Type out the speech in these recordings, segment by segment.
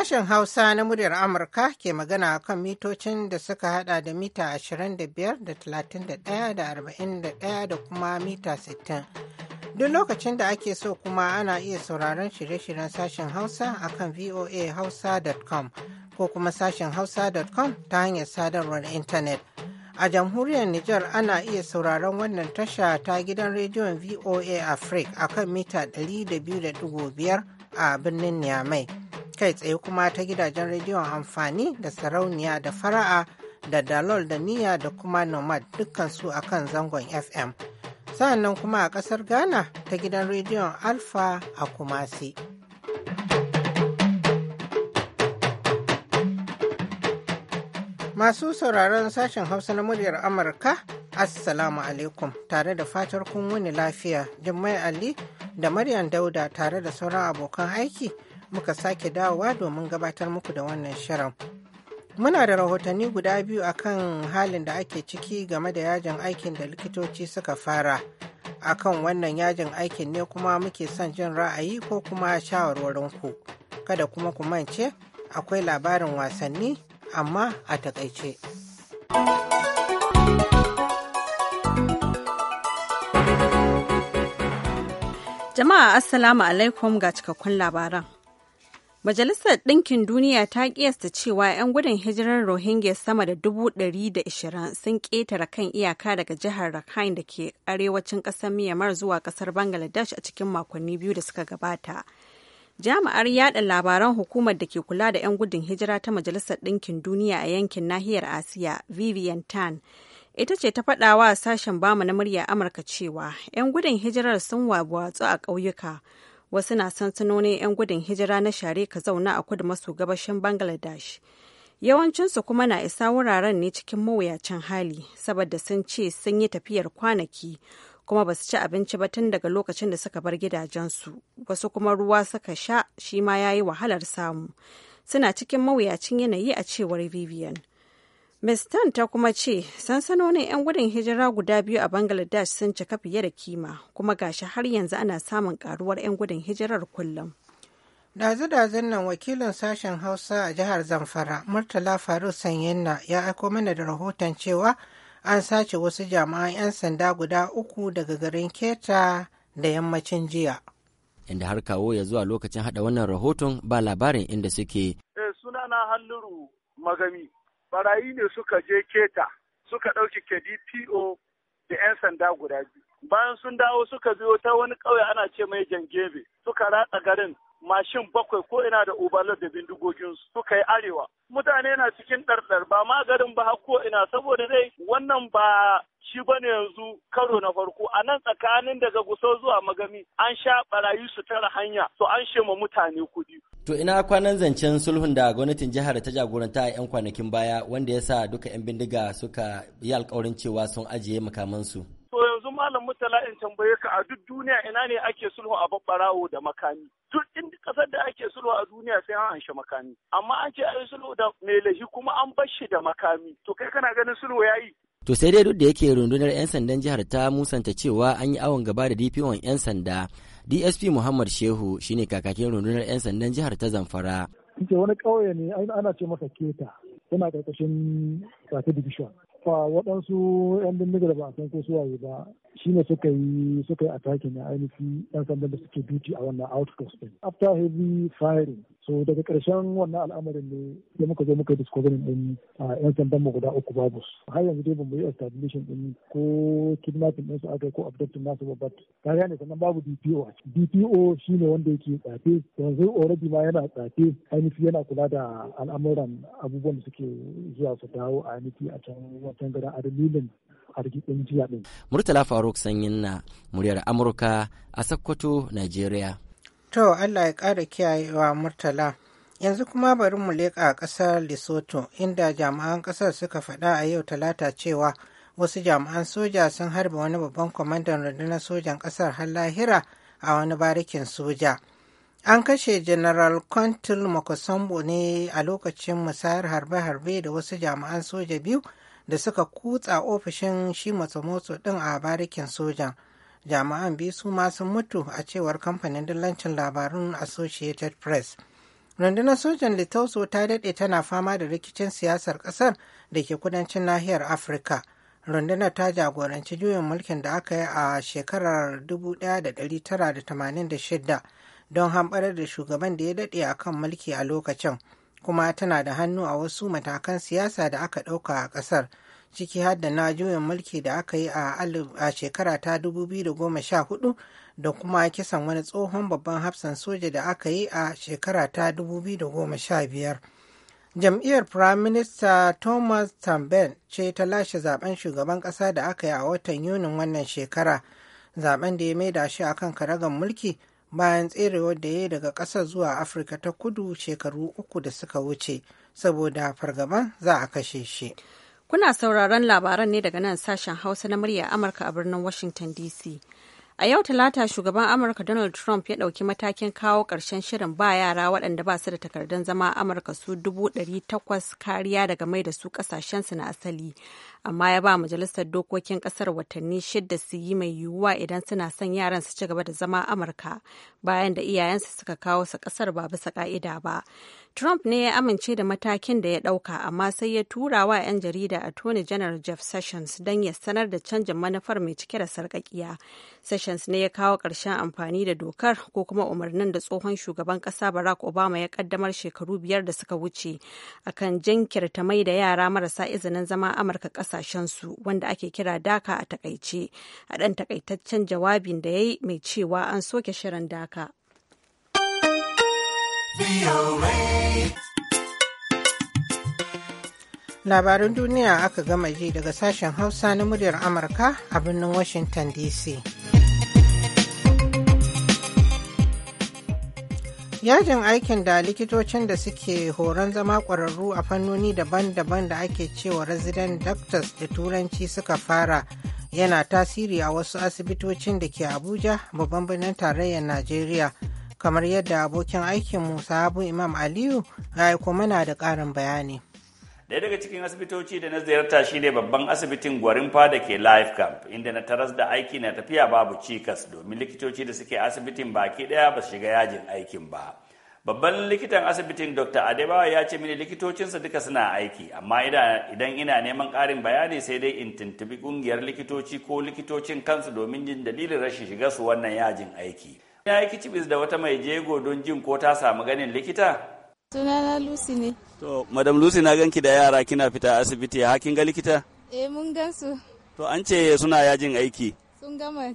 Sashen Hausa na muryar Amurka ke magana kan mitocin da suka hada da mita 25 da 31 da 41 da kuma mita 60. Duk lokacin da ake so kuma ana iya sauraron shirye-shiryen sashen Hausa a kan voahausa.com ko kuma sashen hausa.com ta hanyar sadarwar intanet. A jamhuriyar Nijar ana iya sauraron wannan tasha ta gidan rediyon VOA Africa kan mita 200.5 a birnin Niamey. kai tsaye kuma ta gidajen rediyon amfani da sarauniya da fara'a da dalol da Niya da kuma nomad dukkansu a kan zangon fm sannan kuma a kasar ghana ta gidan rediyon alfa a kumasi masu sauraron sashen hausa na muryar amurka assalamu alaikum tare da fatar kun wuni lafiya jummai ali da maryam dauda tare da sauran abokan aiki muka sake dawowa domin gabatar muku da wannan shirin. Muna da rahotanni guda biyu a kan halin da ake ciki game da yajin aikin da likitoci suka fara. a kan wannan yajin aikin ne kuma muke son jin ra'ayi ko kuma shawarwarinku. Kada kuma ku mance akwai labarin wasanni amma a takaice. Jama'a Assalamu alaikum ga cikakkun labaran. Majalisar Ɗinkin Duniya ta kiyasta cewa 'yan gudun hijirar Rohingya sama da 120 sun ƙetare kan iyaka daga jihar Rakhine da ke arewacin ƙasar Myanmar zuwa ƙasar Bangladesh a cikin makonni biyu da suka gabata. Jami'ar yada labaran hukumar da ke kula da 'yan gudun hijira ta Majalisar Ɗinkin Duniya a yankin nahiyar Asiya, Vivian Tan, ita ce ta faɗa wa sashen bamu na murya Amurka cewa 'yan gudun hijirar sun watsu a ƙauyuka. wasu na sansanonin 'yan gudun hijira na share ka zauna a kudu maso gabashin bangladesh yawancinsu kuma na isa wuraren ne cikin mawuyacin hali saboda sun ce sun yi tafiyar kwanaki kuma ba su ci abinci ba tun daga lokacin da suka bar gidajensu wasu kuma ruwa suka sha shi ma ya yi wahalar samu suna cikin mawuyacin yanayi a cewar vivian Ms. Tan ta kuma ce sansanonin 'yan gudun hijira guda biyu a Bangladesh sun cika fiye da kima kuma gashi har yanzu ana samun karuwar 'yan gudun hijirar kullum. Dazu-dazun nan wakilin sashen Hausa a jihar Zamfara, Murtala Faruk Sanyenna ya aiko mana da rahoton cewa an sace wasu jama'an 'yan sanda guda uku daga garin Keta da yammacin jiya. Inda har kawo ya zuwa lokacin hada wannan rahoton ba labarin inda suke. Eh, sunana Halluru Magami. barayi ne suka je keta suka ɗauki o da 'yan sanda guda biyu. Bayan sun dawo suka biyo ta wani ƙauye ana ce mai jangebe suka ratsa garin mashin bakwai ko ina da ubalo da bindigogin suka yi arewa. Mutane na cikin ɗarɗar ba ma garin ba ko ina saboda dai wannan ba shi bane yanzu karo na farko a nan tsakanin daga guso zuwa magami an sha barayi su tara hanya to an shema mutane kudi To ina kwanan zancen sulhun da gwamnatin jihar ta jagoranta a 'yan kwanakin baya wanda ya sa duka 'yan bindiga suka yi alkawarin cewa sun ajiye makamansu. To yanzu malam mutala in tambaye ka a duk duniya ina ne ake sulhu a babbarawo da makami. Duk inda kasar da ake sulhu a duniya sai an anshi makami. Amma an ce an sulhu da mai lahi kuma an bar shi da makami. To kai kana ganin sulhu ya yi. to sai dai duk da yake rundunar 'yan sandan jihar ta musanta cewa an yi awon gaba da dp1 'yan sanda dsp muhammad shehu shine kakakin rundunar 'yan sandan jihar ta zamfara wani ƙauye ne ana ce masa keta yana ƙarƙashin kafin division waɗansu 'yan bindiga da ba a san ko su waye ba shine suka yi suka yi attacking na ainihin ɗan sandan da suke duty a wannan outpost din after heavy firing so daga ƙarshen wannan al'amarin ne da muka zo muka discovering din yan sandan mu guda uku babu har yanzu dai bamu yi establishing din ko kidnapping din su aka yi ko abducting nasu ba but kariya ne sannan babu DPO a ciki DPO shine wanda yake tsafe yanzu already ma yana tsafe ainihin yana kula da al'amuran abubuwan da suke zuwa su dawo a ainihin a can gada a dalilin hargitsin jiya din. Murtala Faruk Sanyin na muryar Amurka a Sokoto, Najeriya. To Allah ya ƙara kiyayewa Murtala. Yanzu kuma bari mu leƙa a ƙasar Lesotho inda jami'an ƙasar suka faɗa a yau talata cewa wasu jami'an soja sun harbe wani babban kwamandan rundunar sojan ƙasar har lahira a wani barikin soja. An kashe General Quintil Makosombo ne a lokacin musayar harbe-harbe da wasu jami'an soja biyu da suka kutsa ofishin shi matsamotsu din a barikin sojan jama'an biyu su ma sun mutu a cewar kamfanin dillancin labarun associated press rundunar sojan litauso ta daɗe tana fama da rikicin siyasar ƙasar da ke kudancin nahiyar afirka rundunar ta jagoranci juyin mulkin da aka yi a shekarar 1986 don hamɓarar da shugaban da ya daɗe a kan mulki a lokacin kuma tana da hannu a wasu matakan siyasa da aka ɗauka a ƙasar ciki har da na juyin mulki da aka yi a shekara ta 2014 da kuma kisan wani tsohon babban hafsan soja da aka yi a shekara ta 2015 jam'iyyar prime minister thomas Tamben ce ta lashe zaben shugaban kasa da aka yi a watan yunin wannan shekara zaben da ya maida shi akan karagan mulki bayan tserewar da ya yi daga ƙasar zuwa afirka ta kudu shekaru uku da suka wuce saboda fargaban za a kashe shi Kuna sauraron labaran ne daga nan sashen Hausa na murya Amurka a birnin Washington DC. A yau Talata shugaban Amurka Donald Trump ya ɗauki matakin kawo ƙarshen shirin ba yara waɗanda ba su da takardun zama Amurka su dubu ɗari takwas kariya daga mai da su ƙasashensu na asali amma ya ba majalisar dokokin kasar watanni shida su yi mai yiwuwa idan suna son yaran su ci gaba da zama amurka bayan da iyayensu suka kawo su kasar ba bisa ka'ida ba trump ne ya amince da matakin da ya ɗauka amma sai ya tura wa 'yan jarida a attorney general jeff sessions don ya sanar da canjin manufar mai cike da sarƙaƙiya sessions ne ya kawo ƙarshen amfani da dokar ko kuma umarnin da tsohon shugaban ƙasa barack obama ya ƙaddamar shekaru biyar da suka wuce akan jinkirta mai da yara marasa izinin zama amurka ƙasa su wanda ake kira daka a takaice a ɗan takaitaccen jawabin da ya yi mai cewa an soke shirin daka. Labarin duniya aka gama ji daga sashen Hausa na muryar Amurka a birnin Washington DC. Yajin aikin da likitocin da suke horon zama ƙwararru a fannoni daban-daban da ake cewa resident doctors da turanci suka fara yana tasiri a wasu asibitocin da ke Abuja babban birnin tarayyar Najeriya. Kamar yadda abokin aikin Musa Abu Imam Aliyu ya aiko mana da ƙarin bayani. daya daga cikin asibitoci da na ziyarta shine babban asibitin gwarinfa da ke life camp inda na taras da aiki na tafiya babu cikas domin likitoci da suke asibitin baki daya ba su shiga yajin aikin ba babban likitan asibitin dr adebawa ya ce mini likitocinsa duka suna aiki amma idan ina neman ƙarin bayani sai dai in tuntubi ƙungiyar likitoci ko likitocin kansu domin jin dalilin rashin shiga su wannan yajin aiki ina yi kicibis da wata mai jego don jin ko ta samu ganin likita Sunana Lucy ne. To, Madam Lucy na ganki da yara kina fita asibiti, hakin ga likita? Eh, mun gan su. To, an ce suna yajin aiki. Sun gama.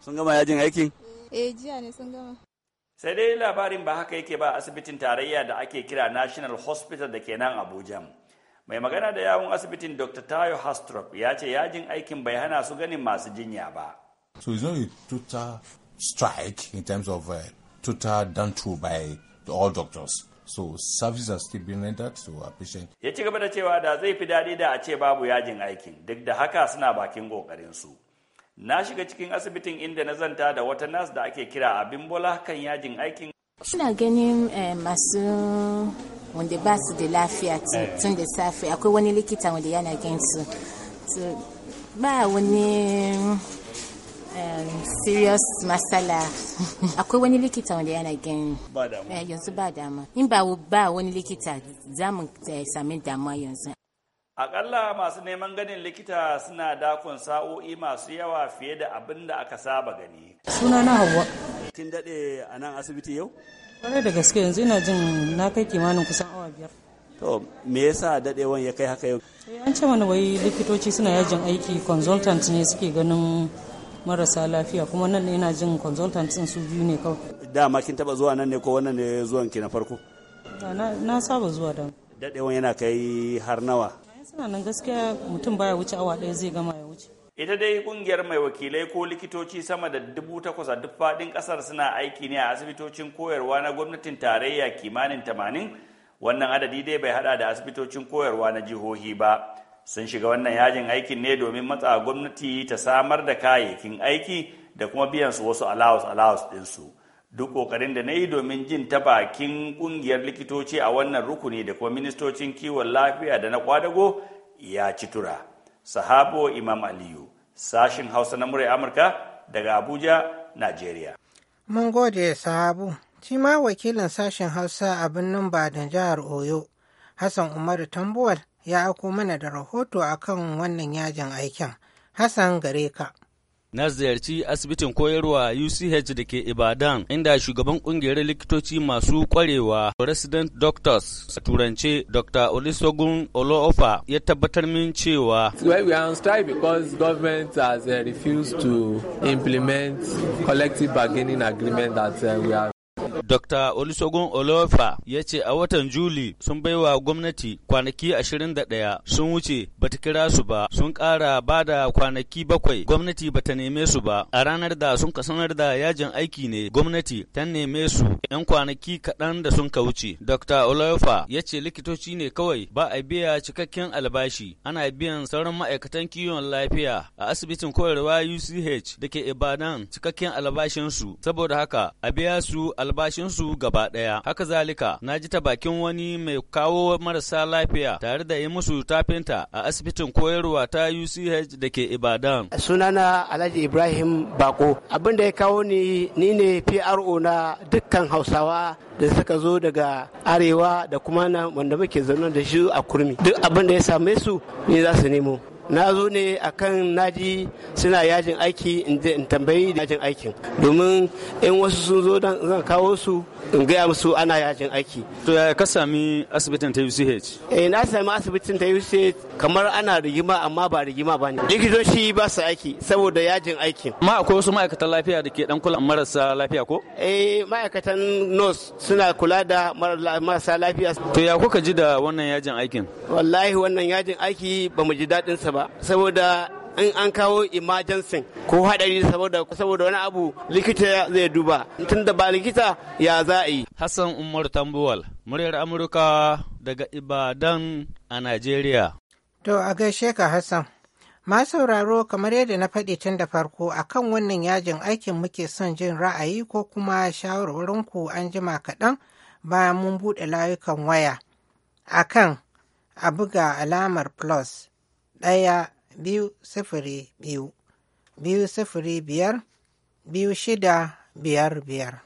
Sun gama yajin aikin? Eh, jiya ne sun gama. Sai dai labarin ba haka yake ba asibitin tarayya da ake kira National Hospital da ke nan Abuja. Mai magana da yawun asibitin Dr. Tayo Hastrop ya ce yajin aikin bai hana su ganin masu jinya ba. So it's not a total strike in terms of uh, total done to by all doctors. so services are still being rendered to our patient. Ya ci gaba da cewa da zai fi daɗi da a ce babu yajin aikin duk da haka suna bakin ƙoƙarinsu su. Na shiga cikin asibitin inda na zanta da wata nas da ake kira abin bola kan yajin aikin. Suna ganin eh, masu wanda ba su da lafiya eh. tun da safe akwai wani likita wanda yana gansu. Ba wani Um, serious masala akwai wani likita wanda yana gan eh, yanzu ba dama in ba wani likita za mu eh, sami damuwa yanzu akalla masu neman ganin likita suna dakon sa'o'i masu yawa fiye da abin da aka saba gani suna na hawa kin daɗe a nan asibiti yau kwarai da gaske yanzu ina jin na kai kimanin kusan awa biyar to me yasa dadewan ya kai haka yau eh, an ce mana wai likitoci suna yajin aiki consultant ne suke ganin marasa lafiya kuma nan ina jin consultant din su biyu ne kawai dama kin taba zuwa nan ne ko wannan ne zuwan ki na farko na saba zuwa da dadewan yana kai har nawa suna nan gaskiya mutum baya wuce awa ɗaya zai gama ya wuce ita dai kungiyar mai wakilai ko likitoci sama da dubu takwas a duk faɗin kasar suna aiki ne a asibitocin koyarwa na gwamnatin tarayya kimanin tamanin wannan adadi dai bai hada da asibitocin koyarwa na jihohi ba sun shiga wannan yajin aikin ne domin matsa gwamnati ta samar da kayayyakin aiki da kuma biyan su wasu allowance allowance ɗinsu duk ƙoƙarin da na yi domin jin ta bakin ƙungiyar likitoci a wannan rukuni da kuma ministocin kiwon lafiya da na kwadago ya ci tura sahabo imam aliyu sashin hausa na murai amurka daga abuja najeriya mun gode sahabo shi ma wakilin sashin hausa a birnin badan jihar oyo hassan umaru tambuwal ya aiko mana da rahoto akan wannan yajin aikin. Hassan Gareka. na ziyarci asibitin koyarwa UCH da ke Ibadan inda shugaban kungiyar likitoci masu kwarewa resident doctors a turance Dr. Olusegun Olofa ya tabbatar min cewa well, we are on strike because government has uh, refused to implement collective bargaining agreement that uh, we have Dr. Olusogun Olofa ya ce a watan Juli sun baiwa gwamnati kwanaki 21 sun wuce bata kira su ba sun kara ba da kwanaki bakwai gwamnati bata neme su ba a ranar da sun sanar da yajin aiki ne gwamnati ta neme su 'yan kwanaki kaɗan da sun ka wuce. Dr. Olofa ya ce likitoci ne kawai ba a biya cikakken albashi ana biyan sauran ma'aikatan kiwon lafiya a asibitin koyarwa UCH da ke Ibadan cikakken albashinsu saboda haka a biya su albashi albashinsu gaba ɗaya. Haka zalika, na ji ta bakin wani mai kawo marasa lafiya tare da yi musu tafinta a asibitin koyarwa ta UCH da ke Ibadan. Sunana Alhaji Ibrahim Bako. Abin da ya kawo ni ni ne PRO na dukkan Hausawa da suka zo daga arewa da kuma na wanda muke zaune da shi a kurmi. Duk abin da ya same su ne za su nemo. na zo ne kan naji suna yajin aiki in tambayi yajin aikin domin in wasu sun zo don zan kawo su in gaya musu ana yajin aiki to ka sami asibitin ta UCH eh na sami asibitin ta UCH kamar ana rigima amma ba rigima ba ne likitoci ba su aiki saboda yajin aikin ma akwai wasu ma'aikatan lafiya da ke dan kula marasa lafiya ko eh ma'aikatan nurse suna kula da marasa lafiya to ya kuka ji da wannan yajin aikin wallahi wannan yajin aiki ba mu ji daɗin sa ba saboda in an kawo emergency ko hadari saboda saboda wani abu likita zai duba tun da ba likita ya za a yi hassan umar tambuwal muryar amurka daga ibadan a najeriya To a gaishe ka Hassan. Ma sauraro kamar yadda na faɗi tun da farko akan wannan yajin aikin muke son jin ra'ayi ko kuma shawarwarinku an jima kaɗan bayan mun buɗe layukan waya. Akan a buga alamar plus ɗaya biyu sifiri biyu biyu sifiri biyar biyu shida biyar biyar.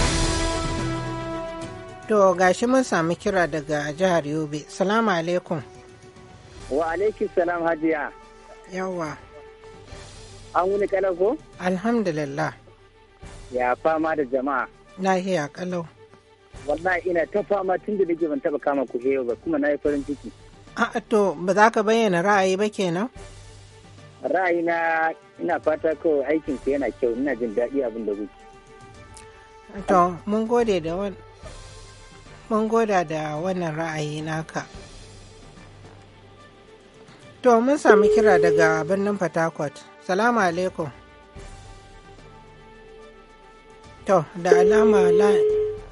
To gashi mun sami kira daga jihar Yobe. Salamu alaikum. Wa alaikum salam hajiya. Yawwa. An wuni kalau ko? Alhamdulillah. Ya fama da jama'a. ya kalau. Wallahi ina ta fama tun da nake ban taba kama ku ba kuma na yi farin ciki. A to ba za ka bayyana ra'ayi ba kenan? Ra'ayi na ina fata ko aikin ku yana kyau ina jin daɗi abin da kuke. To mun gode da wannan. mun goda da wannan ra'ayi naka to mun sami kira daga birnin fatakwat salamu alaikum to da alama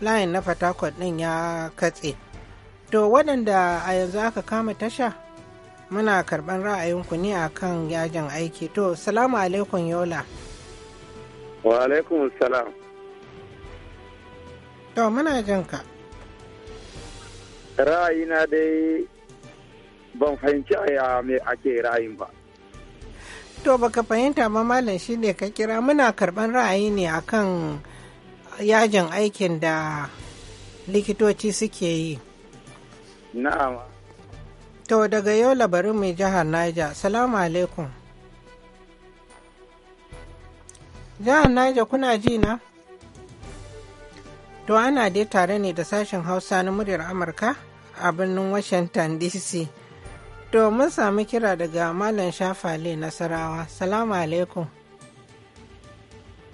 layin na fatakwat din ya katse to waɗanda a yanzu aka kama tasha muna karɓar ra'ayinku ne akan yajin aiki to salamu alaikum yola wa alaikum salam to muna jinka ka ra'ayina dai ban fahimci a me ake ra'ayin ba to baka fahimta ba malam shi ne ka kira muna karban ra'ayi ne akan yajin aikin da likitoci suke yi na'am to daga yau labarin mai jihar naija salamu alaikum jihar naija kuna ji na to ana dai tare ne da sashen hausa na muryar amurka a birnin washington dc to mun sami kira daga malam shafale nasarawa salamu alaikum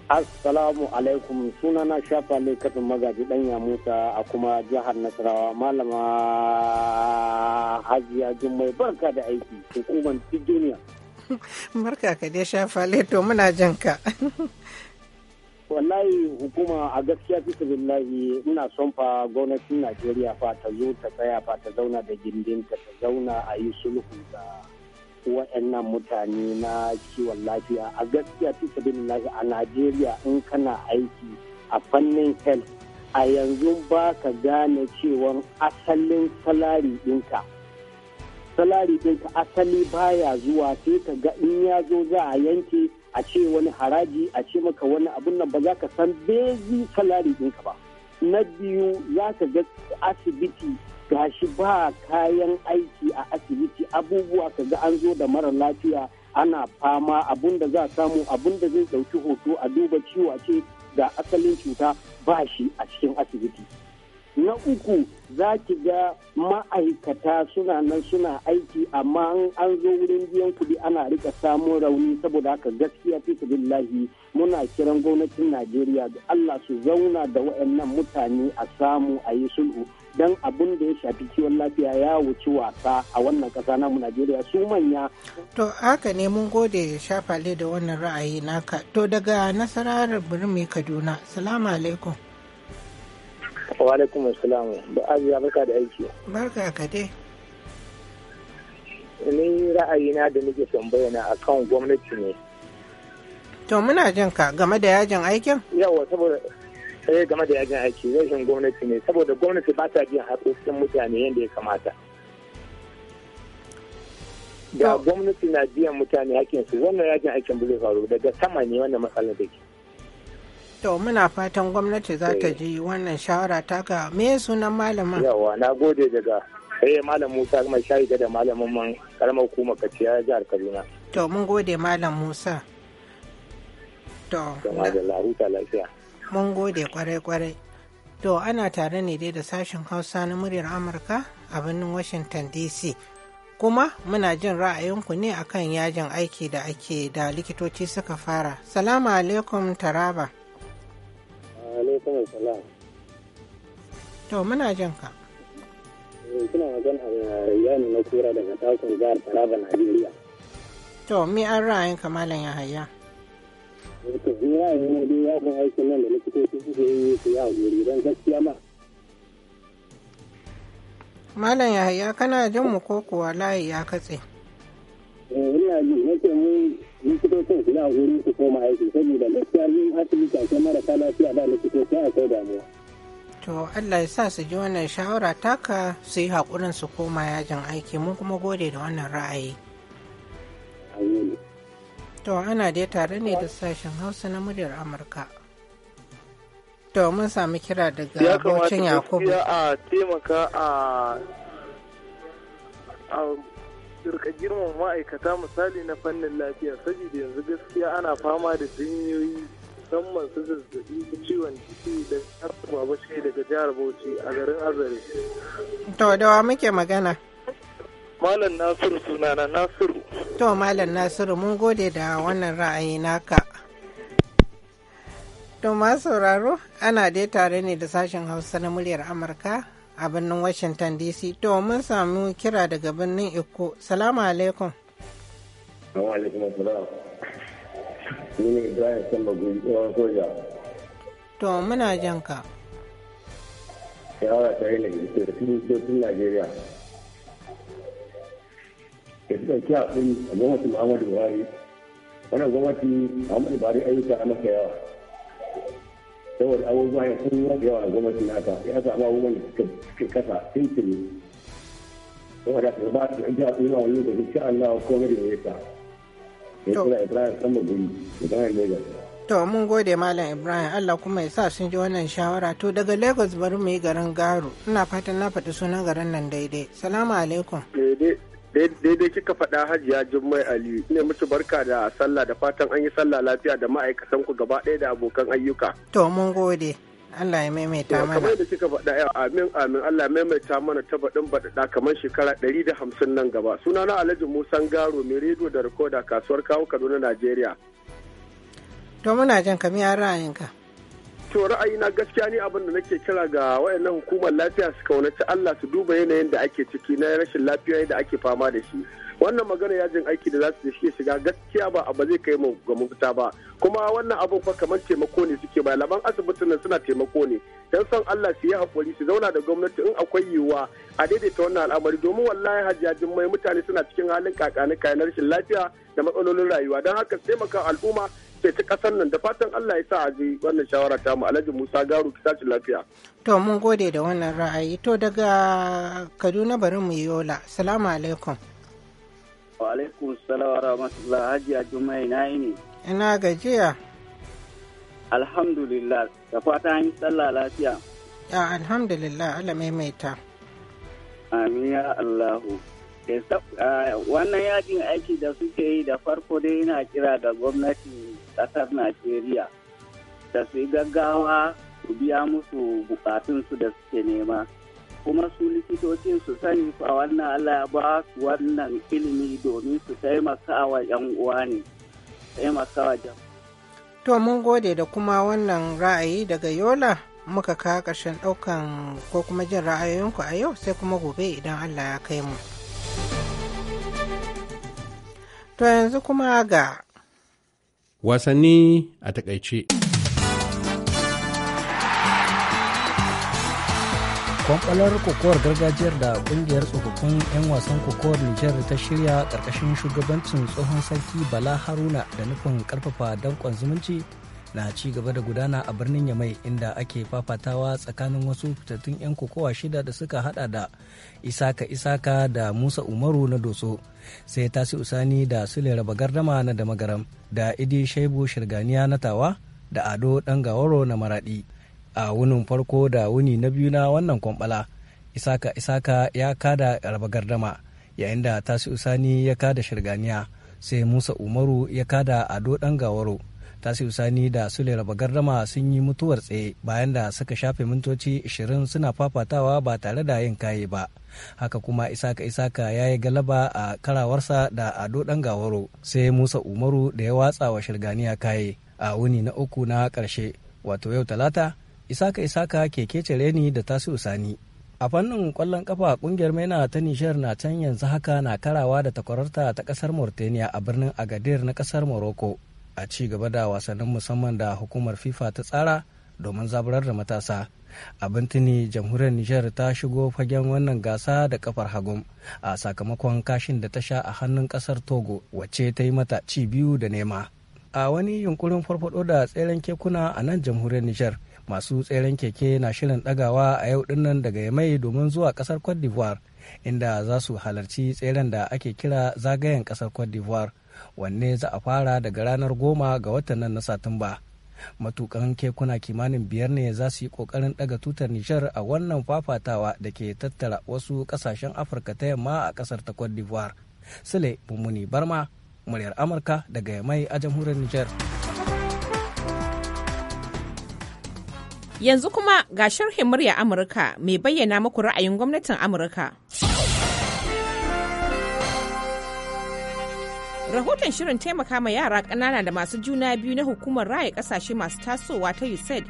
assalamu alaikum sunana shafale kafin magaji ya musa a kuma jihar nasarawa malama hajiya jummai barka da aiki hukumar duniya barka ka dai shafale to muna jinka wallahi hukuma a gaskiya fi billahi ina son fa gwamnatin najeriya fa ta zo ta tsaya fa ta zauna da gindinta ta zauna a yi sulhu da wa'annan mutane na kiwon lafiya a gaskiya fi billahi a najeriya in kana aiki a fannin health a yanzu ba ka gane cewan asalin salari ɗinka salari ɗinka asali baya zuwa sai ka ga in ya zo za a yanke a ce wani haraji a ce maka wani abun nan ba za ka san bezi salari ɗinka ba na biyu za ka ga asibiti gashi ba kayan aiki a asibiti abubuwa ka ga an zo da mara lafiya ana fama abun da za a samu abun da zai ɗauki hoto a duba ciwo a ce ga asalin cuta ba shi a cikin asibiti na uku za ki ga ma'aikata suna nan suna aiki amma an zo wurin biyan kuɗi ana rika samun rauni saboda haka gaskiya fi billahi muna kiran gwamnatin najeriya da allah su zauna da wa'annan mutane a samu a yi sulhu don abin da ya shafi kiwon lafiya ya wuci wasa a wannan kasa na mu najeriya su manya to haka ne mun gode shafale da wannan ra'ayi naka to daga nasarar birni kaduna salamu alaikum Wa alaikum assalam. Da ajiya barka da aiki. Barka ka dai. Ni ra'ayina da nake son bayyana akan gwamnati ne. To muna jin ka game da yajin aikin? Yawa saboda sai eh, game da yajin aiki rashin gwamnati ne saboda gwamnati ba ta jin haƙoƙin mutane yadda ya kamata. Da gwamnati na biyan mutane haƙƙinsu wannan yajin aikin ba zai faru daga sama ne wannan matsalar da ke. To muna fatan gwamnati za ta eh. ji wannan shawara taka me sunan malamin? Yawa na gode daga Eh, malam Musa mai shayi da malamin man karamar hukumar kaciya jihar Kaduna. To mun gode malam Musa. To. Mun gode kwarai kwarai. To ana tare ne dai da sashen Hausa na muryar Amurka a birnin Washington DC. kuma muna jin ra'ayinku ne akan yajin aiki da ake da likitoci suka fara. Salamu alaikum Taraba. alaikum salam to muna jin ka eh, kina magana da yani na kura daga takun jihar taraba najeriya to me an ra'ayin kamalan ya haya eh, to ni ra'ayin ne dai ya kun aiki nan da likitoci suke yi su yi haƙuri don gaskiya ma Malam Yahaya kana jin mu ko kuwa layi ya katse? Eh, ina ji nake mu likitocin su na wurin su koma aiki saboda gaskiya yin asibiti akwai marasa lafiya ba likitoci kai damuwa. To Allah ya sa su ji wannan shawara taka su yi haƙurin su koma yajin aiki mun kuma gode da wannan ra'ayi. To ana dai tare ne da sashen Hausa na muryar Amurka. To mun sami kira daga Bauchin Yakubu. Ya kamata a taimaka a su rika girmama ma'aikata misali na fannin lafiya saboda yanzu gaskiya ana fama da sanyoyi musamman su zazzabi da ciwon ciki da ba shi daga jihar Bauchi a garin Azare. To dawa muke magana. Malam Nasiru sunana Nasiru. To Malam Nasiru mun gode da wannan ra'ayi naka. To masu sauraro ana dai tare ne da sashen Hausa na muryar Amurka a birnin Washington DC. To mun samu kira daga birnin Eko. Salamu alaikum. Salamu alaikum salam. Ni ne Ibrahim Samba Gwiwa Soja. To muna jan ka. Shawara ta yi da daga Kiristocin Najeriya. fi suka a haɗin a gwamnati Muhammadu Buhari. Wannan gwamnati Muhammadu Buhari ayyuka a masa yawa. saboda abubuwa ya sun yi yawa a gwamnati naka ya sa abubuwan da suka kasa tuntuni saboda ka ba su yi a tsira wani da insha Allah gari da ta ya kira Ibrahim Samba Guri Ibrahim Lagos To mun gode Malam Ibrahim Allah kuma ya sa sun ji wannan shawara to daga Lagos bari mu yi garin Garo ina fatan na faɗi sunan garin nan daidai salamu alaikum daidai kika faɗa hajiya jummai ali ne mutu barka da sallah da fatan an yi sallah lafiya da ma'aikatan ku gaba ɗaya da abokan ayyuka to mun gode Allah ya maimaita mana kamar da kika faɗa yau amin amin Allah ya maimaita mana ta baɗin baɗaɗa kamar shekara ɗari da hamsin nan gaba suna na Alhaji Musan Garo mai rediyo da rikoda kasuwar kawo Kaduna Najeriya to muna jan ka ra'ayinka to ra'ayina gaskiya ne abin da nake kira ga wayannan hukumar lafiya su kaunaci Allah su duba yanayin da ake ciki na rashin lafiya da ake fama da shi wannan magana yajin aiki da za su shi shiga gaskiya ba abu zai kai mu ga mafita ba kuma wannan abu fa kamar taimako ne suke ba laban asibitin nan suna taimako ne dan son Allah su yi hakuri su zauna da gwamnati in akwai yiwuwa a daidaita wannan al'amari domin wallahi hajjajin mai mutane suna cikin halin kakani kayan rashin lafiya da matsalolin rayuwa don haka taimaka al'umma ce ta kasar nan da fatan Allah ya sa a ji wannan shawara ta mu Alhaji Musa Garu ki tashi lafiya. To mun gode da wannan ra'ayi to daga Kaduna bari mu yola. Salamu alaikum. Wa alaikum salam wa rahmatullah a Jummai na ne. Ina gajiya. Alhamdulillah da fata an yi sallah lafiya. Ya ah, alhamdulillah Allah maimaita. Amin ya Allahu. wannan yajin aiki da suke yi da farko dai yana kira ga gwamnati ƙasar najeriya da su yi gaggawa su biya musu bukatunsu da suke nema kuma su likitocin su sani a wannan allah ba su wannan ilimi domin su taimaka wa 'yan uwa ne taimaka wa to mun gode da kuma wannan ra'ayi daga yola muka kawo ƙarshen ɗaukan ko kuma jin ra'ayoyinku a yau sai kuma gobe idan allah ya kai mu. To yanzu kuma ga wasanni a takaice. kwamfalar kokowar gargajiyar da kungiyar tsofaffin 'yan wasan kokowar nijar ta shirya karkashin shugabancin tsohon sarki bala haruna da nufin karfafa dankon zumunci na ci gaba da gudana a birnin Yamai inda ake fafatawa tsakanin wasu fitattun 'yan kokowa shida da suka hada da Isaka Isaka da Musa Umaru na Doso, sai Tasi Usani da Sule raba gardama na Damagaram, da Idi Shaibu Shirganiya na Tawa, da Ado gawaro na Maradi. A wunin farko da wuni na biyu na wannan kwambala, Isaka Isaka ya kada gardama yayin da Tasi Usani ya kada Shirganiya, sai Musa Umaru ya kada Ado gawaro tasiu sani da sule raba sun yi mutuwar tsaye bayan da suka shafe mintoci 20 suna fafatawa ba tare da yin kaye ba haka kuma isaka isaka ya yi galaba a karawarsa da ado dan gawaro sai musa umaru da ya watsa wa shirganiya kaye a wuni na uku na karshe wato yau talata isaka isaka keke reni da tasiu sani a fannin kwallon kafa kungiyar maina ta nishar na can yanzu haka na karawa da takwararta ta kasar mauritania a birnin agadir na kasar morocco a ci gaba da wasannin musamman da hukumar fifa ta tsara domin zaburar da matasa abin tuni jamhuriyar nijar ta shigo fagen wannan gasa da kafar hagun a sakamakon kashin da ta sha a hannun kasar togo wacce ta yi mata ci biyu da nema a wani yunkurin farfado da tseren kekuna a nan jamhuriyar nijar masu tseren keke na shirin dagawa a yau dinnan daga yamai domin zuwa kasar cote d'ivoire inda za su halarci tseren da ake kira zagayen kasar cote d'ivoire wanne za a fara daga ranar goma ga watan nan na satumba matukan kekuna kimanin biyar ne za su yi kokarin daga tutar nishar a wannan fafatawa da ke tattara wasu kasashen afirka ta yamma a kasar ta cote d'ivoire sule bumuni barma muryar amurka daga mai a jamhuriyar nijar yanzu kuma ga sharhin murya amurka mai bayyana muku ra'ayin gwamnatin amurka. rahoton shirin taimaka ma yara ƙanana da masu juna biyu na hukumar raya ƙasashe masu tasowa ta usaid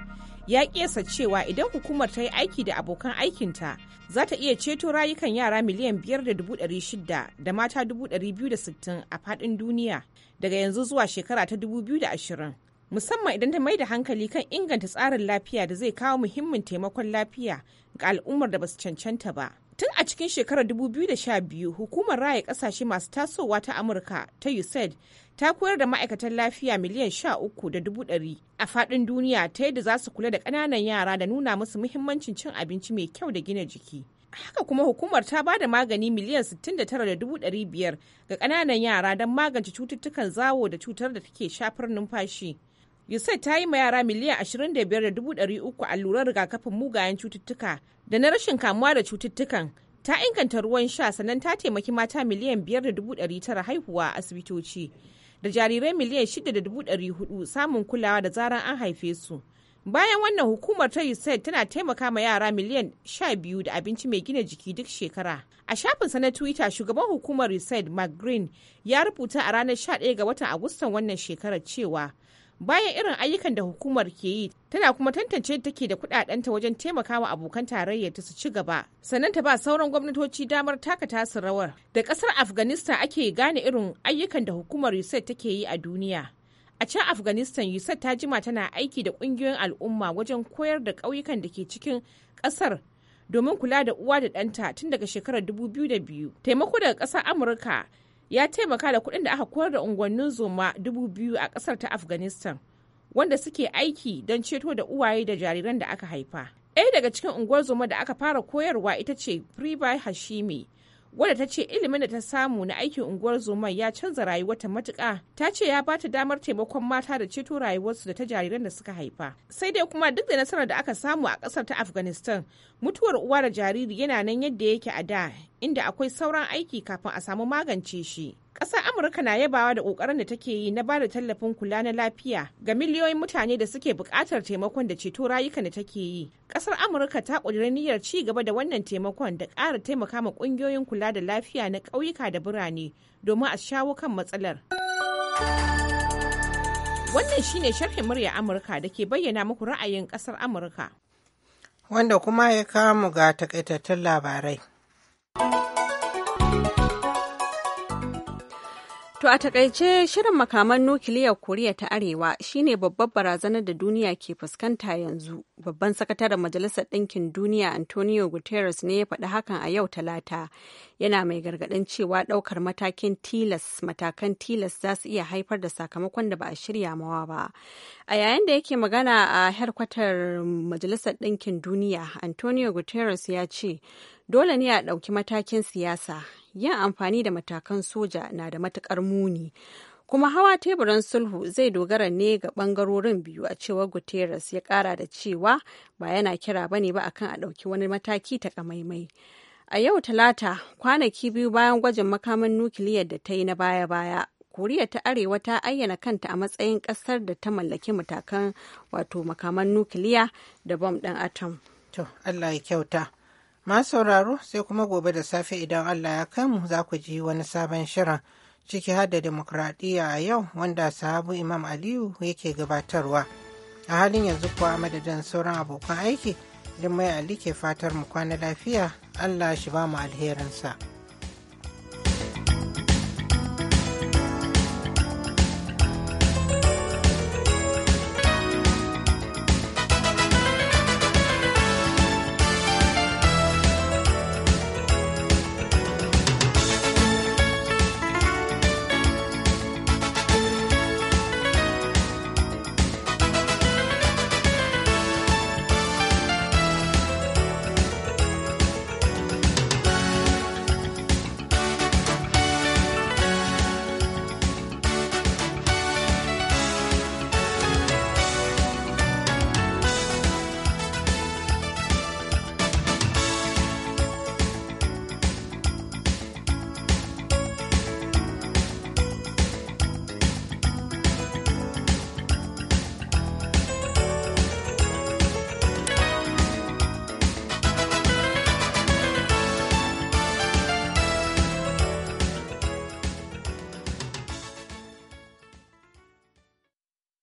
ya ƙesa cewa idan hukumar ta yi aiki da abokan aikinta za ta iya ceto rayukan yara miliyan 5,600 da mata 260 a faɗin duniya daga yanzu zuwa shekara ta 2020 musamman idan ta mai da hankali kan inganta tsarin lafiya da zai kawo muhimmin taimakon lafiya ga al'ummar da ba su cancanta ba Tun a cikin shekarar 2012, hukumar raya kasashe masu tasowa ta Amurka ta USAID ta koyar da ma'aikatan lafiya miliyan 13,000, a faɗin duniya ta yadda za su kula da ƙananan yara da nuna musu muhimmancin cin abinci mai kyau da gina jiki. Haka kuma hukumar ta ba da magani miliyan 69,500 ga ƙananan yara don magance cututtukan zawo da cutar da take shafar numfashi. USAID ta yi ma yara miliyan 25,300 allurar rigakafin mugayen cututtuka da na rashin kamuwa da cututtukan ta inganta ruwan sha sannan ta taimaki mata miliyan 5.900 haihuwa a asibitoci da jarirai miliyan 6.400 samun kulawa da zaran an haife su bayan wannan hukumar ta usaid tana taimaka ma yara miliyan 12 da abinci mai gina jiki duk shekara a shafinsa na twitter shugaban hukumar usaid mark green ya rubuta a ranar 11 ga watan agustan wannan shekarar cewa bayan irin ayyukan da hukumar ke yi tana kuma tantance take da kudadenta wajen taimakawa abokan tarayya ta su ci gaba sannan ta ba sauran gwamnatoci damar taka tasu rawar da kasar afghanistan ake gane irin ayyukan da hukumar usaid take yi a duniya a can afghanistan usaid ta jima tana aiki da kungiyoyin al'umma wajen koyar da ƙauyukan da ke cikin ƙasar domin kula da uwa da ɗanta tun daga shekarar 2002 taimako daga ƙasar amurka ya taimaka da kuɗin da aka koyar da unguwannin zoma dubu biyu a ƙasar ta afghanistan wanda suke aiki don ceto da uwaye da jariran da aka haifa ɗaya daga cikin unguwar zoma da aka fara koyarwa ita ce pribai hashimi wadda ta ce ilimin da ta samu na aikin unguwar zoman ya canza rayuwarta matuƙa ta ce ya bata damar taimakon mata da ceto rayuwarsu da ta jariran da suka haifa sai dai kuma duk da nasarar da aka samu a ƙasar ta afghanistan mutuwar uwa da jariri yana nan yadda yake a da inda akwai sauran aiki kafin a samu magance shi ƙasar amurka na yabawa da ƙoƙarin da take yi na ba da tallafin kula na lafiya ga miliyoyin mutane da suke buƙatar taimakon da ceto rayukan da take yi ƙasar amurka ta ƙudiri niyyar ci gaba da wannan taimakon da ƙara taimaka ma ƙungiyoyin kula da lafiya na ƙauyuka da birane domin a shawo kan matsalar wannan shine sharhin murya amurka da ke bayyana muku ra'ayin ƙasar amurka wanda kuma ya kamu ga takaitattun labarai To a takaice shirin makaman nukiliyar Koriya ta Arewa shine babbar barazanar da duniya ke fuskanta yanzu. Babban sakataren Majalisar Ɗinkin Duniya Antonio Guterres ne ya faɗi hakan a yau Talata. Yana mai gargaɗin cewa ɗaukar matakin tilas matakan tilas za su iya haifar da sakamakon da ba a shirya mawa ba. A yayin da yake magana a harkwatar Majalisar Ɗinkin Duniya, Antonio Guterres ya ce, dole ne a ɗauki matakin siyasa yin amfani da matakan soja na da matukar muni kuma hawa teburan sulhu zai dogara ne ga bangarorin biyu a cewar guterres ya kara da cewa ba yana kira ba ne ba akan a ɗauki wani mataki ta takamaimai a yau talata kwanaki biyu bayan gwajin makamin nukiliyar da ta yi na baya-baya koriya ta arewa ta ayyana kanta a matsayin kasar da ta mallaki matakan wato makaman nukiliya da bom ɗin atom to allah ya kyauta Ma sauraro sai kuma gobe da safe idan Allah ya kai mu za ku ji wani sabon shirin ciki har da demokuraɗiyya a yau wanda sahabu Imam Aliyu yake gabatarwa. A halin yanzu kuwa madadin sauran abokan aiki, mai Ali ke fatar mu kwana lafiya, Allah shi ba mu alherinsa.